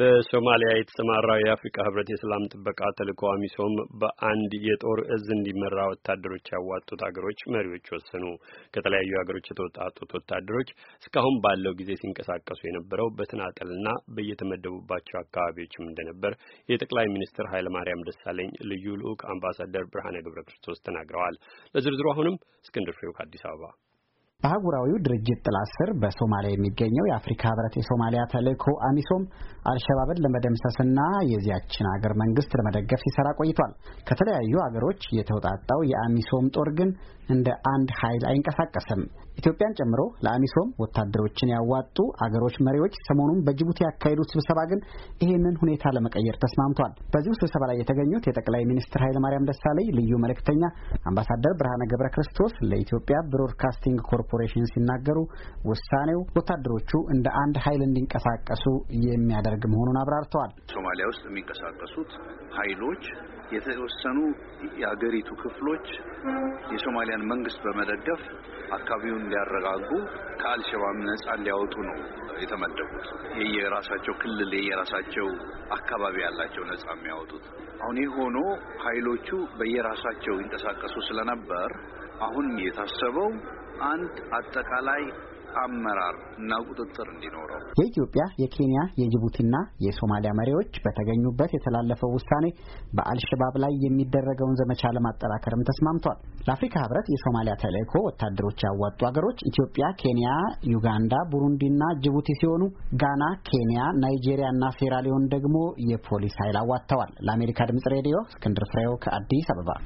በሶማሊያ የተሰማራው የአፍሪካ ህብረት የሰላም ጥበቃ ተልዕኮ አሚሶም በአንድ የጦር እዝ እንዲመራ ወታደሮች ያዋጡት ሀገሮች መሪዎች ወሰኑ። ከተለያዩ ሀገሮች የተወጣጡት ወታደሮች እስካሁን ባለው ጊዜ ሲንቀሳቀሱ የነበረው በተናጠልና በየተመደቡባቸው አካባቢዎችም እንደነበር የጠቅላይ ሚኒስትር ኃይለማርያም ደሳለኝ ልዩ ልዑክ አምባሳደር ብርሃነ ገብረ ክርስቶስ ተናግረዋል። ለዝርዝሩ አሁንም እስክንድር ፍሬው ከአዲስ አበባ በአህጉራዊው ድርጅት ጥላ ስር በሶማሊያ የሚገኘው የአፍሪካ ህብረት የሶማሊያ ተልእኮ አሚሶም አልሸባብን ለመደምሰስና የዚያችን አገር መንግስት ለመደገፍ ሲሰራ ቆይቷል። ከተለያዩ አገሮች የተውጣጣው የአሚሶም ጦር ግን እንደ አንድ ኃይል አይንቀሳቀስም። ኢትዮጵያን ጨምሮ ለአሚሶም ወታደሮችን ያዋጡ አገሮች መሪዎች ሰሞኑን በጅቡቲ ያካሄዱት ስብሰባ ግን ይህንን ሁኔታ ለመቀየር ተስማምቷል። በዚሁ ስብሰባ ላይ የተገኙት የጠቅላይ ሚኒስትር ኃይለማርያም ደሳለኝ ልዩ መልእክተኛ አምባሳደር ብርሃነ ገብረ ክርስቶስ ለኢትዮጵያ ብሮድካስቲንግ ኮር ኮርፖሬሽን ሲናገሩ ውሳኔው ወታደሮቹ እንደ አንድ ኃይል እንዲንቀሳቀሱ የሚያደርግ መሆኑን አብራርተዋል። ሶማሊያ ውስጥ የሚንቀሳቀሱት ኃይሎች የተወሰኑ የሀገሪቱ ክፍሎች የሶማሊያን መንግስት በመደገፍ አካባቢውን እንዲያረጋጉ ከአልሸባብ ነጻ እንዲያወጡ ነው የተመደቡት። የየራሳቸው ክልል የየራሳቸው አካባቢ ያላቸው ነጻ የሚያወጡት። አሁን ይህ ሆኖ ኃይሎቹ በየራሳቸው ይንቀሳቀሱ ስለነበር አሁን የታሰበው አንድ አጠቃላይ አመራር እና ቁጥጥር እንዲኖረው የኢትዮጵያ የኬንያ የጅቡቲና የሶማሊያ መሪዎች በተገኙበት የተላለፈው ውሳኔ በአልሸባብ ላይ የሚደረገውን ዘመቻ ለማጠናከርም ተስማምቷል። ለአፍሪካ ህብረት የሶማሊያ ተልእኮ ወታደሮች ያዋጡ ሀገሮች ኢትዮጵያ፣ ኬንያ፣ ዩጋንዳ፣ ቡሩንዲና ጅቡቲ ሲሆኑ ጋና፣ ኬንያ፣ ና ሴራሊዮን ደግሞ የፖሊስ ኃይል አዋጥተዋል። ለአሜሪካ ድምጽ ሬዲዮ እስክንድር ፍሬው ከአዲስ አበባ